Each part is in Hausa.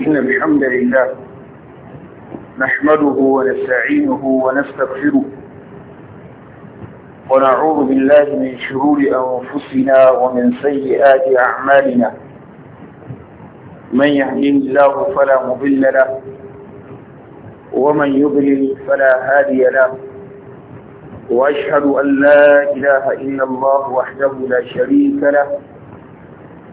إن الحمد لله نحمده ونستعينه ونستغفره ونعوذ بالله من شرور أنفسنا ومن سيئات أعمالنا من يهديه الله فلا مضل له ومن يضلل فلا هادي له وأشهد أن لا إله إلا الله وحده لا شريك له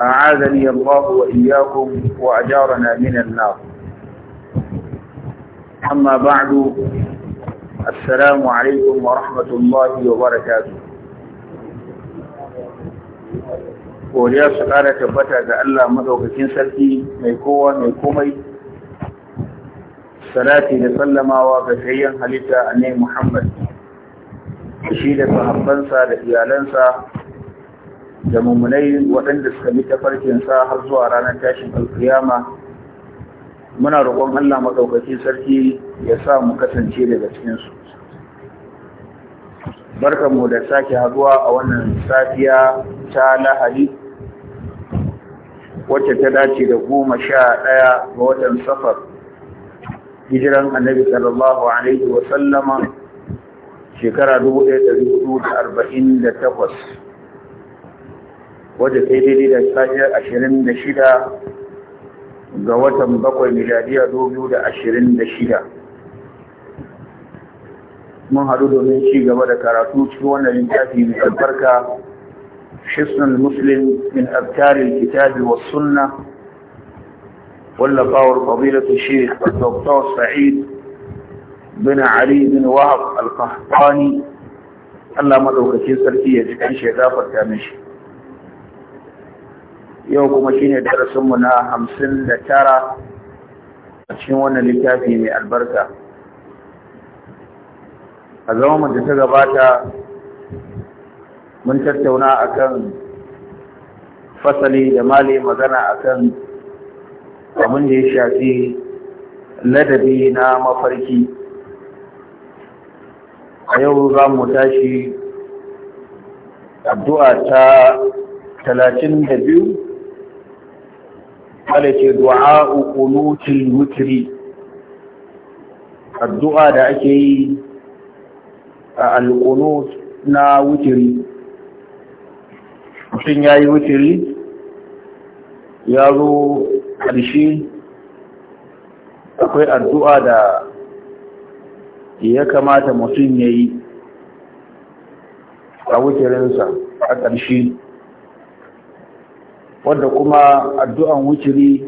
أعاذني الله وإياكم وأجارنا من النار أما بعد السلام عليكم ورحمة الله وبركاته godiya su ƙara tabbata ga Allah madaukakin sarki mai kowa mai komai salati da sallamawa ga shayyan halitta a ne Muhammad shi da sahabbansa da iyalansa da mummunai waɗanda suka bi tafarkinsa har zuwa ranar tashin alkiyama muna roƙon Allah maɗaukaki sarki ya sa mu kasance daga cikinsu. Barkanmu da sake haduwa a wannan safiya ta lahadi wacce ta dace da goma sha ɗaya ga watan safar hijiran annabi sallallahu alaihi wa sallama shekara 1448 wadda ta yi daidai da safiyar ashirin da shida ga watan bakwai miladiya dubu da ashirin da shida mun haɗu domin ci gaba da karatu cikin wannan littafi mai albarka shisnan muslim in abtarin kitabi wa sunna wallafawar fadilatu sheikh dr sa'id bin ali bin wahab al-qahtani Allah madaukakin sarki ya ji shekafar ta mishi yau kuma shi shine darasinmu na hamsin da tara a cikin wannan littafi mai albarka a zama da ta gabata mun tattauna akan fasali da mali magana akan abin da ya shafi ladabi na mafarki a yau za mu tashi addu'a ta talatin da biyu wale ce du'a qunutil witri addu'a da ake yi a al-qunut na witri mutum yayi witri ya zo ƙarshe akwai addu'a da ya kamata mutum ya yi a wutirinsa a ƙarshe wadda kuma addu'an wuciri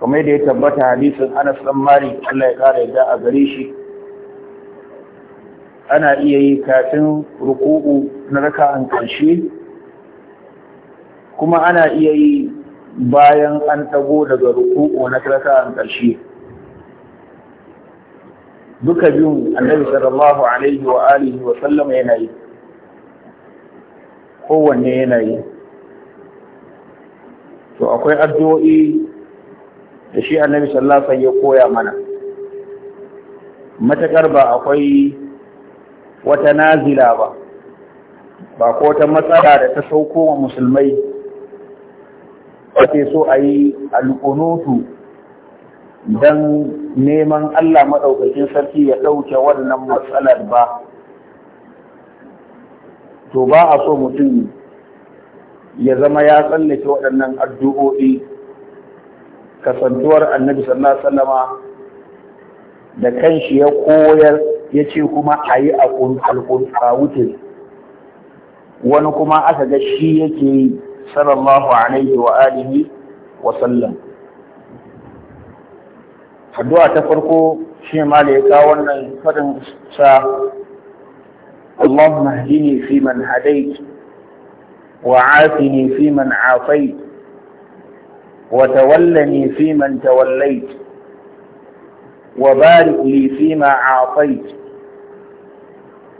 kamar da ya tabbata hadisin Anas dan Malik Allah ya kare da a gare shi ana iya yi kafin ruku'u na raka'an ƙarshe kuma ana iya yi bayan an tago daga ruku'u na raka'an ƙarshe duka biyun annabi sallallahu alaihi wa alihi wa sallam yana yi kowanne yana yi to akwai addu'o'i da shi annabi sallallahu alaihi ya koya mana matakar ba akwai wata nazila ba ba ko wata matsala da ta sauko wa musulmai ake so a yi alƙunutu don neman Allah maɗaukakin sarki ya ɗauke wannan matsalar ba to ba a so mutum ya zama ya tsallake waɗannan addu'o'i kasantuwar annabi sallallahu sallama da kanshi ya koyar ya ce kuma a yi a wuce wani kuma aka ga shi yake yi sallallahu alaihi wa alihi wa sallam addu'a ta farko shi ma da ya ka wannan faɗin sa Allahumma hadini fi man hadayt وعافني فيمن عافيت وتولني فيمن توليت وبارك لي فيما أعطيت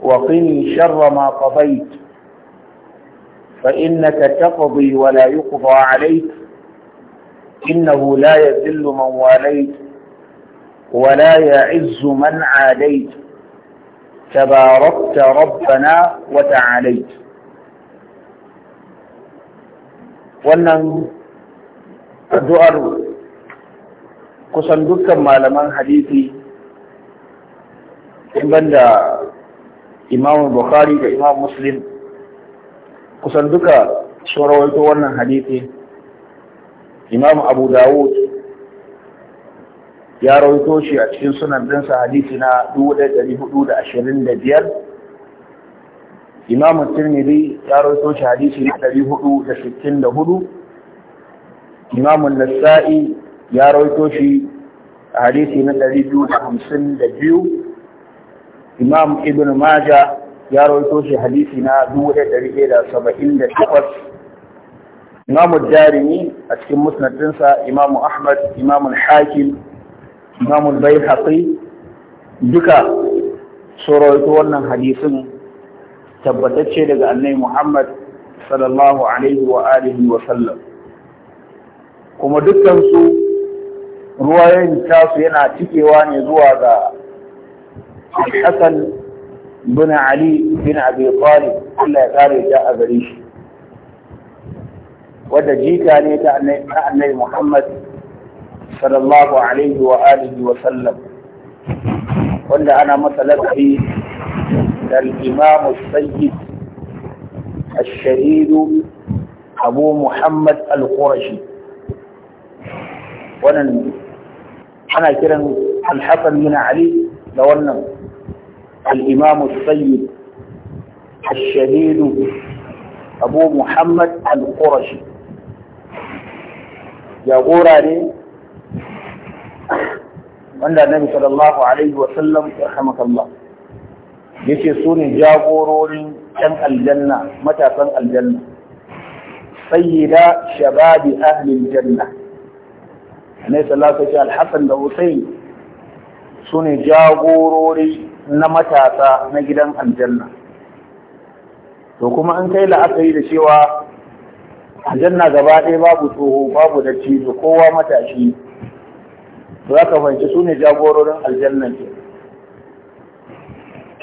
وقني شر ما قضيت فإنك تقضي ولا يقضى عليك إنه لا يذل من واليت ولا يعز من عاديت تباركت ربنا وتعاليت wannan addu'ar kusan dukkan malaman hadithi, in banda imam bukhari da imam muslim kusan duka shawarwaito wannan hadithi, imam abu dawud ya rawaito shi a cikin sunan dinsa hadithi na 1425 imamu tirmidhi ya rawaito shi hadisi na 464 imamu nasa'i ya rawaito shi hadisi na 252 imam ibn majah ya rawaito shi hadisi na 278 imam darimi a cikin musnadinsa imam ahmad imam hakim imam bayhaqi duka su wannan hadisin tabbatacce daga annai Muhammad sallallahu alaihi wa alihi wa sallam kuma dukkansu ruwayoyin tasu yana cikewa ne zuwa ga Hassan bin Ali bin Abi Talib Allah ya kare ta a gare shi wadda jika ne ta annai Muhammad sallallahu alaihi wa alihi wa sallam wanda ana masa lakabi الإمام السيد الشهيد أبو محمد القرشي ونن انا كرن الحسن من علي لو ان الإمام السيد الشهيد أبو محمد القرشي يا غوراني وأن النبي صلى الله عليه وسلم رحمك الله yace su ne jagororin 'yan aljanna matasan aljanna sayyida shababi ahlil janna ne sallallahu alaihi al-hasan da husayn su ne jagorori na matasa na gidan aljanna to kuma an kai la'akari da cewa aljanna gaba ɗaya babu tsoho babu da cizo kowa matashi za ka fahimci su ne jagororin aljanna ke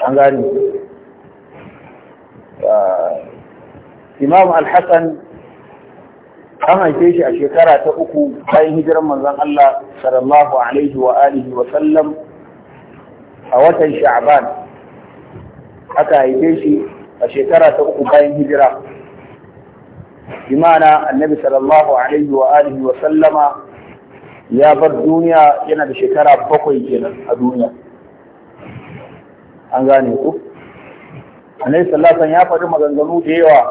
an gani ah, imam al-hassan an haife shi a shekara ta uku bayan hijiran manzon Allah sallallahu alaihi wa alihi wa sallam a watan sha'ban aka haife shi a shekara ta uku bayan hijira Imana annabi sallallahu alaihi wa alihi wa sallama ya bar duniya yana da shekara bakwai kenan a duniya an gane ku A sallallahu salasan ya faɗi maganganu da yawa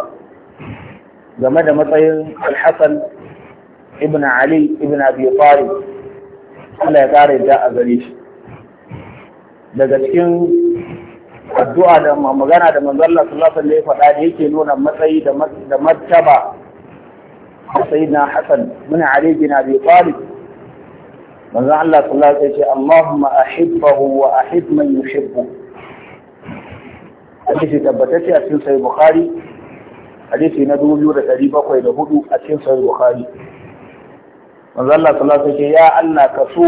game da matsayin al ibn Ali ibn Abi fari Allah ya kare da a gare shi daga cikin addu'a da magana da manzo salasan da ya faɗa da yake nuna matsayi da martaba na hassan ibn Ali ibn Abi fari manzan Allah sallallahu alaihi ya ce Allahumma ahibbahu wa ahib man yuhibbu hadisi tabbatacce a cikin sahih bukhari hadisi na dubu biyu da bakwai da hudu a cikin sahih bukhari manzo Allah sallallahu alaihi ya Allah ka so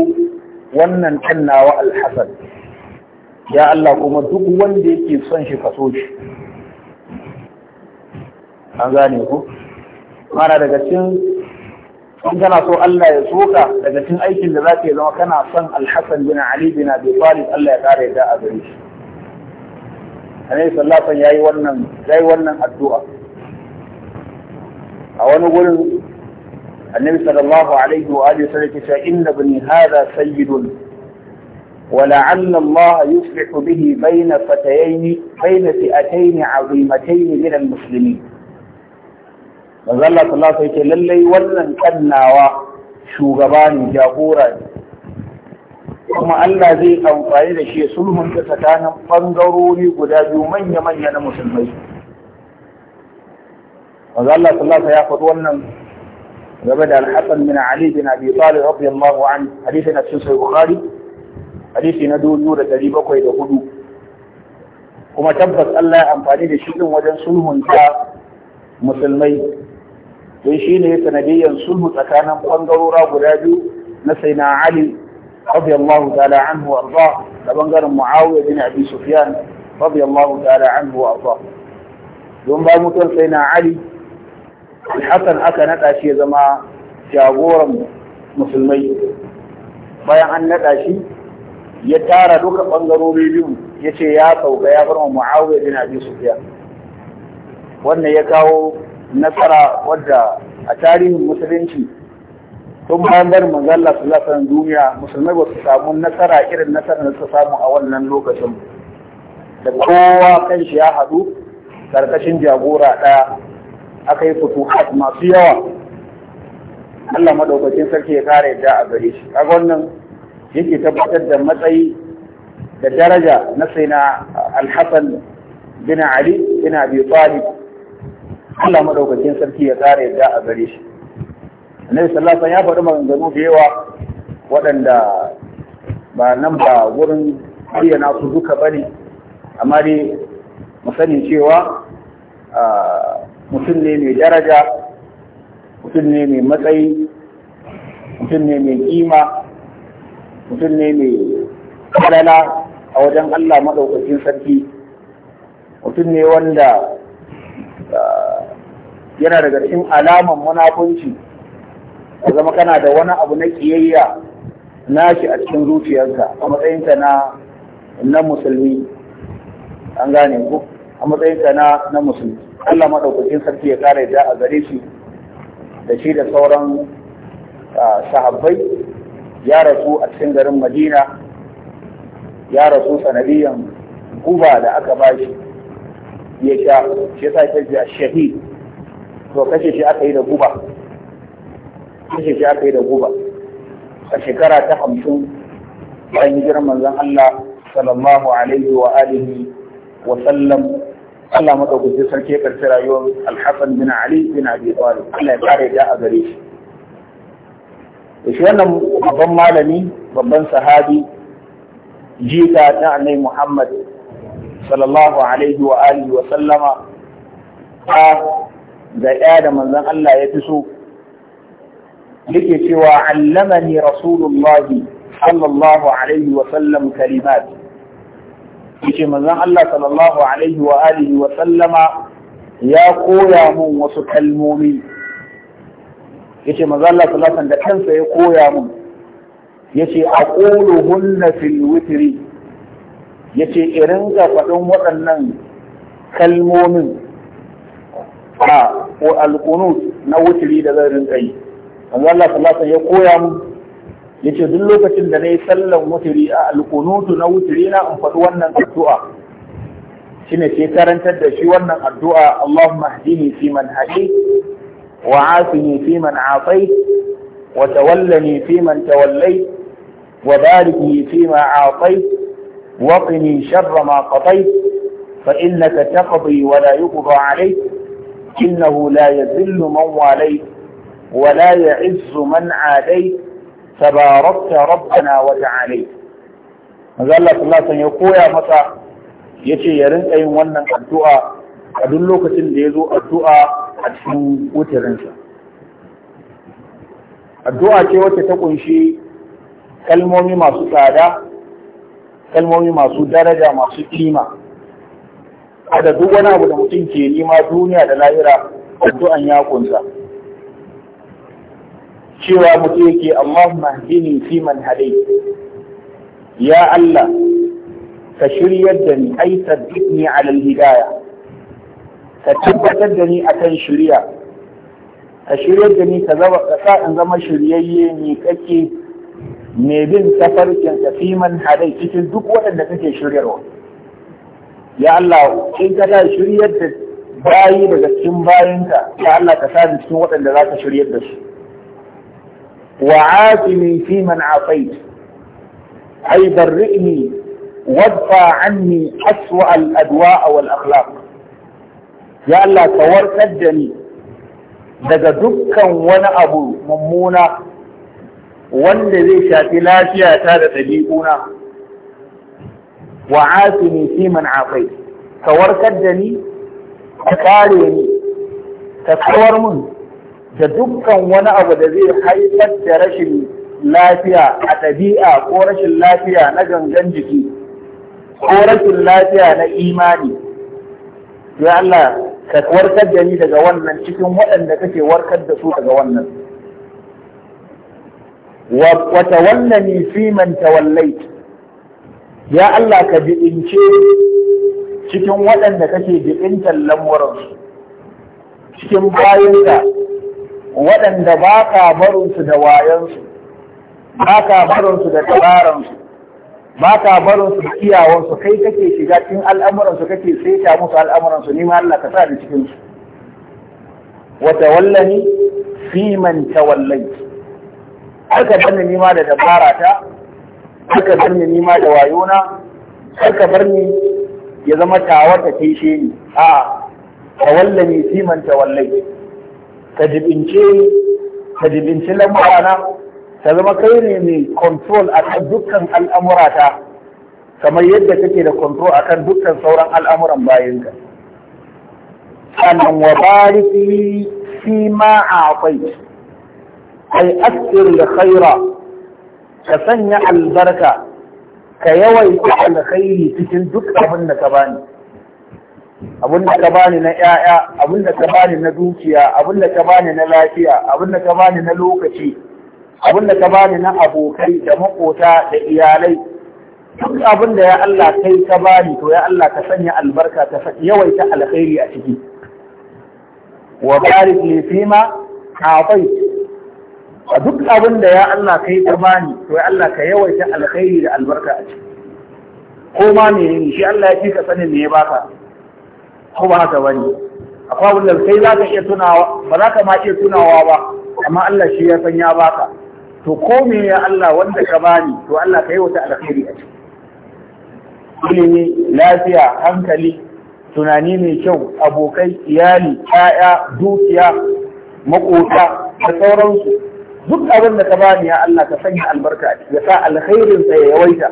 wannan kan al hasan ya Allah kuma duk wanda yake son shi ka so shi an gane ku mana daga cikin in kana so Allah ya soka daga cikin aikin da zaka yi zama kana son al al-hasan bin ali bin abi talib Allah ya kare da a shi annabi sallallahu alaihi yayi wannan yayi wannan addu'a a wani gurin annabi sallallahu alaihi wa alihi wasallam ke cewa inna bani hadha sayyidun wa la'alla Allah yuslihu bihi bayna fatayaini bayna fi'atayn 'azimatayn min al-muslimin manzo Allah sallallahu alaihi wasallam lallai wannan kannawa shugaba ne jagora ne kuma Allah zai amfani da shi sulhun ta tsakanin bangarori guda biyu manya-manya na musulmai. Wanzu Allah ya faɗi wannan game da alhassan min Ali bin Abi Talib radiyallahu an hadisi na cikin sai Bukhari hadisi na dubu da ɗari bakwai da hudu kuma tabbas Allah ya amfani da shi din wajen sulhun ta musulmai don shi ne sanadiyyar sulhu tsakanin bangarora guda biyu na sai Ali radiyallahu ta'ala anhu wa arda da bangaren Muawiya bin Abi Sufyan radiyallahu ta'ala anhu wa arda don ba mutuwar sai na Ali Hassan aka naɗa shi ya zama jagoran musulmai bayan an naɗa shi ya tara duka ɓangarori biyu ya ce ya sauka ya bar mu'awiyar bin abi sufiya wannan ya kawo nasara wadda a tarihin musulunci tun bayan barin manzo su sallallahu duniya musulmai ba su samu nasara irin nasarar da su samu a wannan lokacin da kowa kan shi ya haɗu ƙarƙashin jagora ɗaya aka yi futuhat masu yawa Allah madaukakin sarki ya kare da a gare shi kaga wannan yake tabbatar da matsayi da daraja na Sina AlHassan bin Ali bin Abi Talib Allah madaukakin sarki ya kare da a gare shi annabi sallallahu alaihi ya faɗi maganganu da yawa waɗanda ba nan ba wurin bayyana su duka bane amma dai mu sani cewa mutum ne mai daraja mutum ne mai matsayi mutum ne mai kima mutum ne mai kalala a wajen Allah maɗaukakin sarki mutum ne wanda yana daga cikin alaman munafunci ka zama kana da wani abu na kiyayya nashi a cikin zuciyarka a matsayinka na na musulmi an gane ku a matsayinka na na musulmi Allah madaukakin sarki ya kare da a gare shi da shi da sauran sahabbai ya rasu a cikin garin Madina ya rasu sanadiyan guba da aka ba shi ya sha shi ji a shahid to kashe shi aka yi da guba kashe shi aka yi da guba a shekara ta hamsin bayan hijirar zan Allah sallallahu alaihi wa alihi wa sallam Allah madaukaki sarki ya karshe rayuwar Al-Hasan bin Ali bin Abi Talib Allah ya kare da a gare shi da shi wannan babban malami babban sahabi jita ta annabi Muhammad sallallahu alaihi wa alihi wa sallama ta da ya da manzon Allah ya fi so yake cewa allamani rasulullahi sallallahu alaihi wa sallam kalimat yace manzon Allah sallallahu alaihi wa alihi wa sallama ya koya mun wasu kalmomi yace manzon Allah sallallahu alaihi da kansa ya koya mun yace aquluhunna fil witri yace irin ga faɗin waɗannan kalmomin a alqunut na witri da zan rinka manzo Allah sallallahu alaihi ya koya mu yace duk lokacin da nayi sallan wuturi a alqunutu na wuturi na in faɗi wannan addu'a shine sai karantar da shi wannan addu'a Allahumma hdini fi man hadayt wa afini fi man afayt wa tawallani fi man tawallayt wa barik li fi ma atayt wa qini sharra ma qatayt fa innaka taqdi wa la yuqda alayk innahu la yadhillu man walayt ولا يعز من عاديت تباركت ربنا وتعاليت manzo Allah sallallahu alaihi ya koya masa yace ya rinka yin wannan addu'a a duk lokacin da yazo addu'a a cikin wutarinsa addu'a ce wacce ta kunshi kalmomi masu tsada kalmomi masu daraja masu kima a da duk wani abu da mutum ke nima duniya da lahira addu'an ya kunsa cewa mutum yake Allahumma hdini fi man hadai ya Allah ka shiryar da ni ai sabbitni ala hidaya ka tabbatar da ni akan shiriya. ka shiryar da ni ka sa in zama shiryayye ne kake me bin tafarkin ka fi man hadai cikin duk waɗanda kake shiryarwa ya Allah in ka ta shiryar da bayi daga cikin bayinka ya Allah ka sa cikin waɗanda za ka shiryar da su وعافني في من عطيت أي برئني وادفع عني أسوأ الأدواء والأخلاق يا الله تورك الجني دقا دكا وانا أبو ممونا والذي لذي شاتي لا شيء تجيبونا وعافني في من عطيت تورك الجني تكاريني تتصور منه da dukkan wani abu da zai haifar da rashin lafiya a ɗabi'a ko rashin lafiya na gangan jiki ko rashin lafiya na imani ya Allah ka warkar da ni daga wannan cikin waɗanda kake warkar da su daga wannan wata tawallani fi man ya Allah ka bi'ince cikin waɗanda kake bi'intan lamuransu cikin bayanka waɗanda ba ka barinsu da wayansu, ba ka barinsu da tabaransu, ba ka barinsu da iyawansu, kai kake shiga cikin al'amuransu kake saita musu al'amuransu, ne ma Allah ka sa da cikinsu. Wata wallani fi man ta wallai. Aka bani nima da dabara ta, aka bani nima da wayona, aka bar ni ya zama tawar da kai shi ni. A, wallani fi man ta wallai. ka jibince ka jibinci zama kai ne mai control a dukkan al'amurata kamar yadda kake da control akan dukkan sauran al'amuran bayanka sannan wa bariki fi ma akwai Kai asir da khaira ka sanya albarka ka yawaita alkhairi cikin duk abin da ka bani abin da ka bani na ƴaƴa abin da ka bani na dukiya abin da ka bani na lafiya abin da ka bani na lokaci abin da ka bani na abokai da makota da iyalai duk abin da ya Allah kai ka bani to ya Allah ka sanya albarka ta ka yawaita alkhairi a ciki wa barik li fima a'tait a duk abin da ya Allah kai ka bani to ya Allah ka yawaita alkhairi da albarka a ciki ko ma menene shi Allah ya fi ka sanin me ya baka ko ba haka bane akwai abin da kai za ka iya tunawa ba za ka ma iya tunawa ba amma Allah shi ya san ya baka to ko me ya Allah wanda ka bani to Allah ka yi wata alkhairi a ciki ilimi lafiya hankali tunani mai kyau abokai iyali ƴaƴa dukiya makota da sauransu duk abin da ka bani ya Allah ka sanya albarka a ciki ya sa alkhairin sa ya yawaita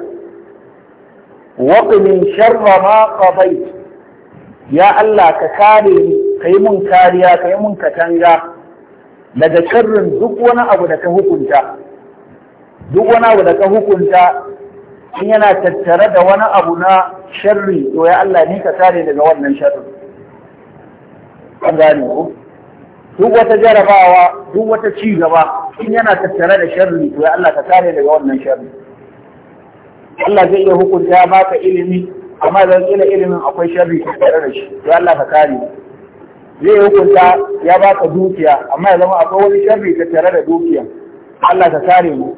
wa qini sharra ma ya Allah ka kare ni ka yi mun kariya ka yi mun katanga daga karrin duk wani abu da ka hukunta duk wani abu da ka hukunta in yana tattare da wani abu na sharri to ya Allah ni ka kare daga wannan sharrin an gane ku duk wata jarabawa duk wata ci gaba in yana tattare da sharri to ya Allah ka kare daga wannan sharri Allah zai iya hukunta baka ilimi amma zan kila ilimin akwai sharri tare da shi to Allah ka kare zai hukunta ya baka dukiya amma ya zama akwai wani sharri tare da dukiya Allah ka kare mu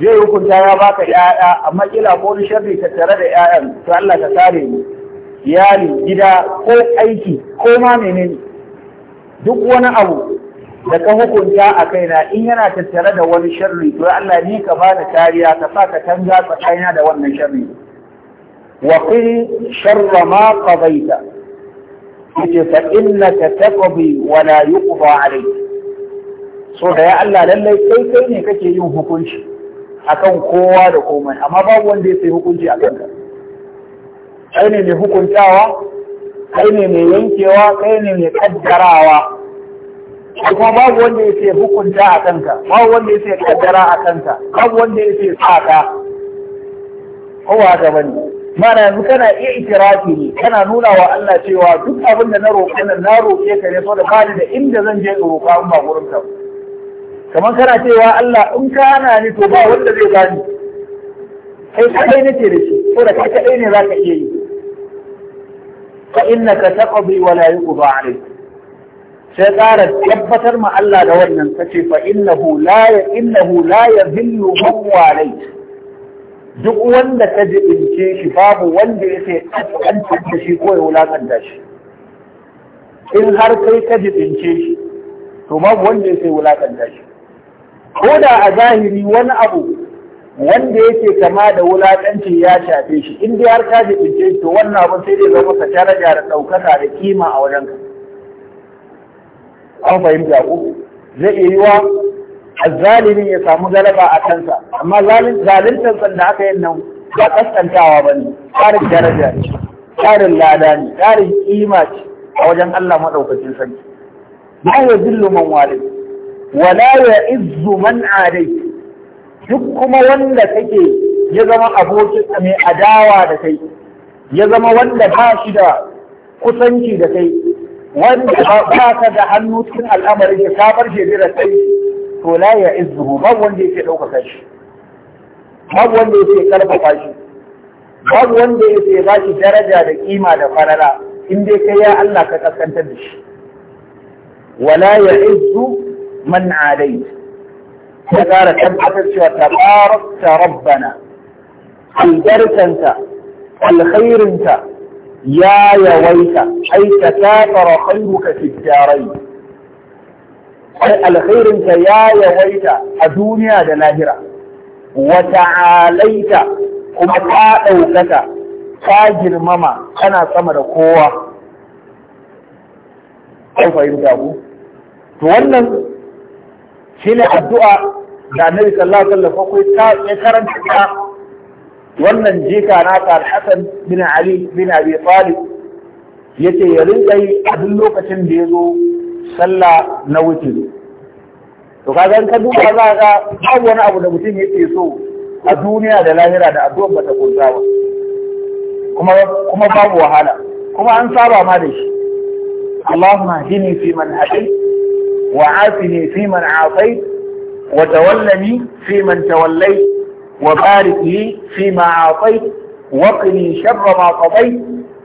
zai hukunta ya baka ƴaƴa amma kila ko wani sharri tare da ƴaƴan to Allah ka kare mu iyali gida ko aiki ko ma menene duk wani abu da ka hukunta a kaina in yana tattare da wani sharri to Allah ni ka bada kariya ka sa ka tanga tsakanina da wannan sharri وقل شر ما قضيت فإنك تقضي ولا يقضى عليك so da ya Allah lallai kai kai ne kake yin hukunci akan kowa da komai amma babu wanda ya sai hukunci a kanka kai ne mai hukuntawa kai ne mai yankewa kai ne mai kaddarawa kuma babu wanda ya sai hukunta a kanka babu wanda ya sai kaddara a kanka babu wanda ya sai tsaka kowa ga bane mana yanzu kana iya itirafi ne kana nuna wa Allah cewa duk abin da na roƙe nan na roƙe ka ne so da bani da inda zan je in roƙa in ba gurin ka kamar kana cewa Allah in ka ni to ba wanda zai bani kai kadai nake da shi ko da kai kadai ne zaka iya yi fa innaka taqdi wa la yuqda alayk sai tsara tabbatar ma Allah da wannan kace fa innahu la innahu la yadhillu man duk wanda ka jibince shi babu wanda ya ce an da shi ko ya wulaƙanta shi in har kai ka jibince shi to babu wanda ya ce wulaƙanta shi ko da a zahiri wani abu wanda yake kama da wulaƙancin ya shafe shi in dai har ka jibince shi to wannan abu sai dai zama ka daraja da ɗaukaka da kima a wajen ka an fahimta ko zai iya yiwa azzalimi ya samu galaba a kansa amma zaluntar san da aka yi nan ba kaskantawa ba ne Tsarin daraja ne tsarin lada ne tsarin kima ce a wajen Allah maɗaukacin sarki la ya zillu man wale wala ya izzu man adai duk kuma wanda kake ya zama abokin mai adawa da kai ya zama wanda ba shi da kusanci da kai wanda ba ka da hannu cikin al'amarin ka bar shi da kai to la ya izzuhu babu wanda yake ɗaukaka shi babu wanda yake karfafa shi babu wanda yake ba shi daraja da kima da farara in dai kai ya Allah ka kaskantar da shi wala ya izzu man alai ta gara tabbatar cewa tabarakta rabbana albarkanta alkhairinta ya yawaita ai ta kafara khairuka fi darai sai alkhairinka ya yawaita a duniya da lahira wa ta'alaita kuma ka ɗaukaka ka girmama kana sama da kowa an fahimta ku to wannan shine addu'a da annabi sallallahu alaihi wasallam ya karanta ta wannan jika na ta al-Hasan bin Ali bin Abi yace ya rinka yi a duk lokacin da ya zo sallah na wuce to ka in ka duba za ka babu wani abu da mutum yake so a duniya da lahira da addu'ar bata kunta ba kuma babu wahala kuma an saba ma da shi Allahumma hdini fi man hadayt wa afini fi man afayt wa tawallani fi man tawallai, wa barik li fi ma atayt wa qini sharra ma qadayt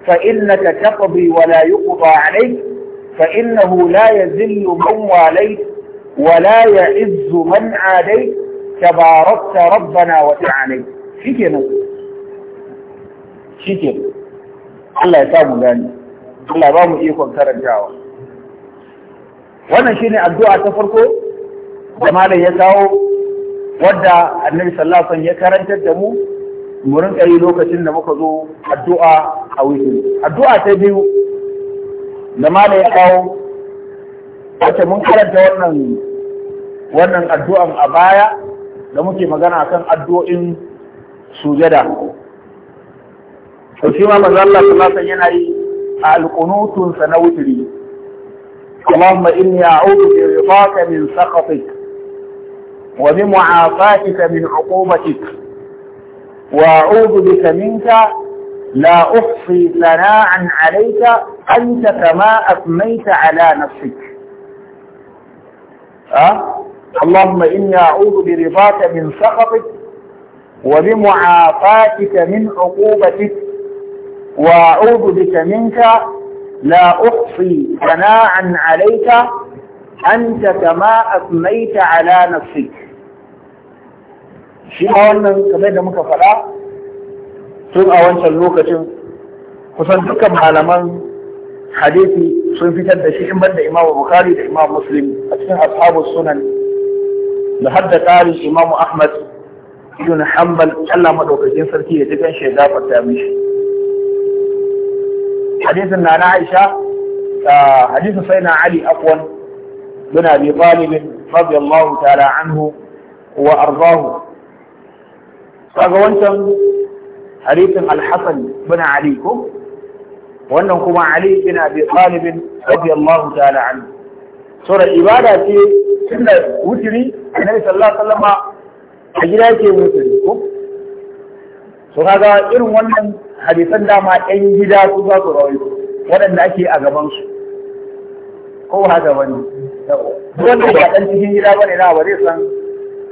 fa innaka taqdi wa la yuqda alayk فإنه لا يذل من واليت ولا يعز من عاديت تباركت ربنا وتعاليت شكرا شكرا الله يسامو ذلك Allah ba mu ikon karantawa. Wannan shi ne addu'a ta farko da malam ya kawo wadda annabi sallallahu ya karantar da mu mu rinka yi lokacin da muka zo addu'a a Addu'a ta biyu da mala ya kawo wace mun karanta wannan wannan addu'an a baya da muke magana kan addu'o'in sujada to shi ma manzo Allah sallallahu alaihi yana yi a alqunutun sa na wutri Allahumma inni a'udhu bi ridaka min sakhatik wa bi mu'afatika min لا أحصي ثناء عليك أنت كما أثنيت على نفسك أه؟ اللهم إني أعوذ برضاك من سخطك وبمعافاتك من عقوبتك وأعوذ بك منك لا أحصي ثناء عليك أنت كما أثنيت على نفسك shi أولا wannan kamar tun a wancan lokacin kusan dukkan malaman hadisi sun fitar da shi in banda imamu bukhari da imamu muslim a cikin ashabu sunan da hadda ƙari imamu ahmad ibn hanbal Allah madaukakin sarki ya cikin shaida fata mishi hadisin na na aisha hadisin sai na ali afwan bin abi talib radiyallahu ta'ala anhu wa ardahu kaga wancan hadisin Alhassan hasan bin Ali ko wannan kuma Ali bin Abi Talib radiyallahu ta'ala anhu sura ibada ce tunda wutiri annabi sallallahu alaihi wasallam a gida yake wutiri ko so kaga irin wannan hadisan dama ɗan gida su za su waɗanda ake a gaban su ko haka bane wanda ɗan cikin gida bane na ba zai san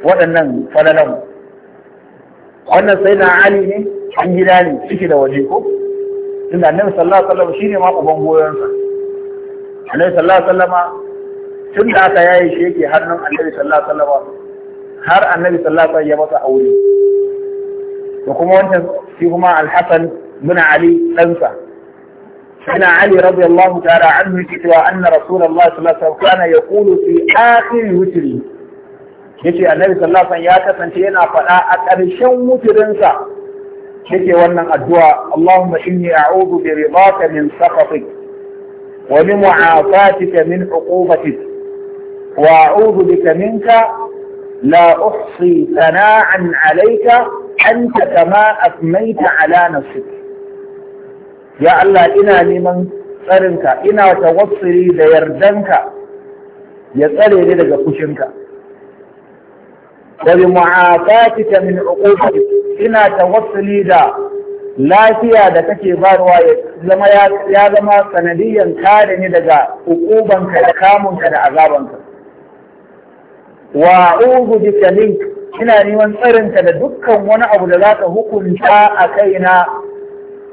waɗannan falalan wannan sai na ali ne an gida ne da waje ko tunda annabi sallallahu alaihi wasallam shine ma uban goyonsa annabi sallallahu alaihi wasallam tun da aka yayi shi yake hannun annabi sallallahu alaihi wasallam har annabi sallallahu alaihi wasallam ya masa aure da kuma wancan shi kuma al-hasan bin ali ɗansa سيدنا علي رضي الله تعالى عنه كتوى أن رسول الله صلى الله عليه وسلم كان يقول yace annabi sallallahu alaihi ya kasance yana faɗa a ƙarshen wutirinsa yake wannan addu'a Allahumma inni a'udhu bi ridaka min sakhatik wa bi mu'afatika min uqubatik wa a'udhu bika minka la uhsi thana'an 'alayka anta kama asmaita 'ala nafsik ya Allah ina neman tsarinka ina tawassuli da yardanka ya tsare ni daga fushinka وبمعافاتك من عقوبتك ina tawassuli da lafiya da kake barwa ya zama ya zama sanadiyan kare ni daga hukubanka da kamunka da azabanka wa a'udhu bika ina neman tsarinka da dukkan wani abu da zaka hukunta a kaina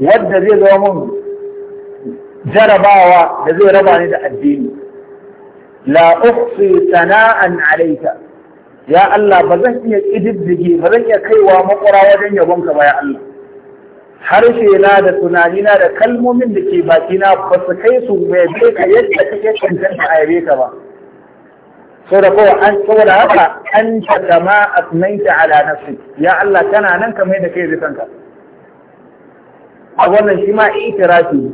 wadda zai zama mun jarabawa da zai raba ni da addini la uhsi sana'an alayka ya Allah ba zan iya ƙididdige ba zan iya kaiwa makwara wajen yabonka ba ya Allah harshe na da tunani na da kalmomin da ke baki na ba su kai su yabe ka yadda kake cancanta a yabe ka ba saboda kowa an saboda haka an ta kama asnaita ala nafsi ya Allah kana nan kamar da kai ka. a wannan shi ma itirafi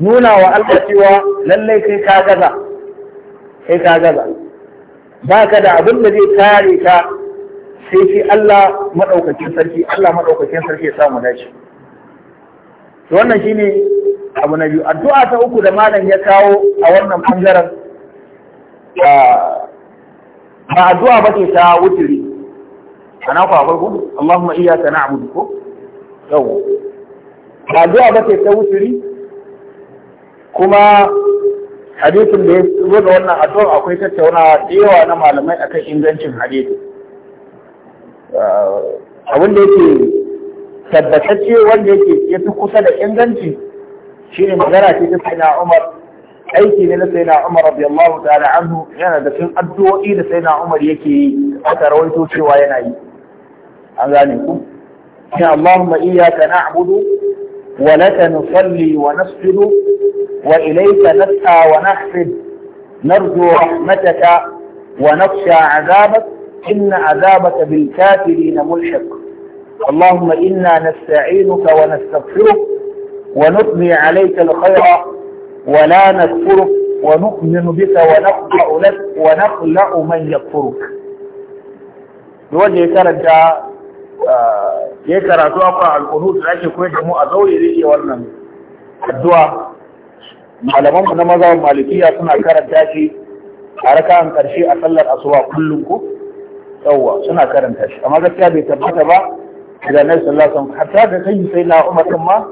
nuna wa Allah cewa lallai kai kai ka gaza ba ka da abin da zai kare ka sai shi Allah maɗaukakin sarki Allah maɗaukakin sarki ya samu dace to wannan shine abu na biyu addu'a ta uku da malam ya kawo a wannan bangaren ba addu'a ba ce ta wuturi ana ku akwai ku Allahumma iyyaka na'budu ko yawa ba addu'a ba ce ta wuturi kuma hadisin da ya zo da wannan addu'a akwai tattaunawa da yawa na malamai akan ingancin hadisi ah, abin da yake tabbatacce wanda yake ya fi kusa da inganci ne magana ce ta na Umar aiki ne na sai na Umar radiyallahu ta'ala anhu yana da cikin addu'o'i da sai na Umar yake yi aka rawaito cewa yana yi an gane ku ya Allahumma iyyaka na'budu ولك نصلي ونسجد وإليك نسعى ونحفد نرجو رحمتك ونخشى عذابك إن عذابك بالكافرين ملحق اللهم إنا نستعينك ونستغفرك ونثني عليك الخير ولا نكفرك ونؤمن بك ونخلع لك ونخلع من يكفرك بوجه كرجة ya karatu a kwa da ake koyar da mu a zaure zai iya wannan addu'a malaman mu na maza malikiya suna karanta shi a raka'an karshe a sallar asuba kullum ko yawwa suna karanta shi amma gaskiya bai tabbata ba da nabi sallallahu alaihi hatta da kai sai na umar ma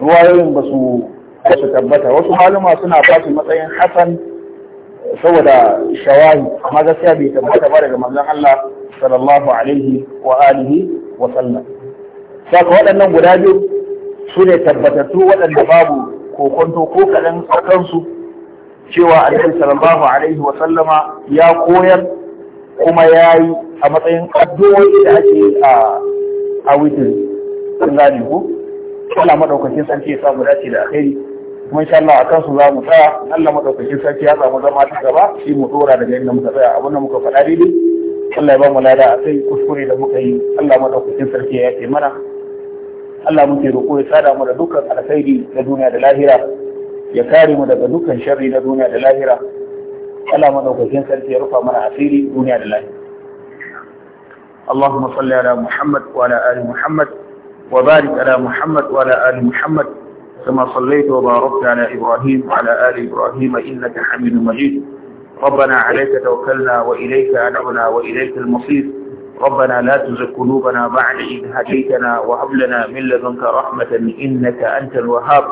ruwayoyin ba su ba su tabbata wasu malama suna fashi matsayin hasan saboda shawahi amma gaskiya bai tabbata ba daga manzon Allah sallallahu alaihi wa alihi wa sallam saka waɗannan guda biyu su ne tabbatattu waɗanda babu kokonto ko kaɗan a kansu cewa annabi sallallahu alaihi wa sallama ya koyar kuma ya yi a matsayin addu'o'i da ake a a witin sun gane ku Allah madaukakin sarki ya samu dace da alheri kuma insha Allah akan su za mu tsaya Allah madaukakin sarki ya samu zama ta gaba shi mu dora daga inda muka tsaya abin da muka faɗa daidai Allah ba mu lada a kai kuskure da muka yi Allah madaukakin sarki ya yafe mana Allah muke roƙo ya sada mu da dukkan alkhairi na duniya da lahira ya kare mu daga dukkan sharri na duniya da lahira Allah madaukakin sarki ya rufa mana asiri duniya da lahira اللهم صل على محمد وعلى آل محمد وبارك على محمد وعلى آل محمد كما صليت وباركت على إبراهيم وعلى آل إبراهيم إنك حميد مجيد ربنا عليك توكلنا وإليك أنعنا وإليك المصير ربنا لا تزغ قلوبنا بعد إذ هديتنا وهب لنا من لدنك رحمة إنك أنت الوهاب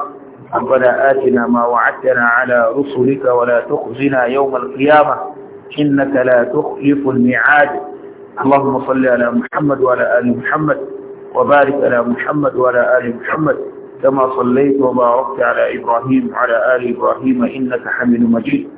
ربنا آتنا ما وعدتنا على رسلك ولا تخزنا يوم القيامة إنك لا تخلف الميعاد اللهم صل على محمد وعلى آل محمد وبارك على محمد وعلى آل محمد كما صليت وباركت على إبراهيم وعلى آل إبراهيم إنك حميد مجيد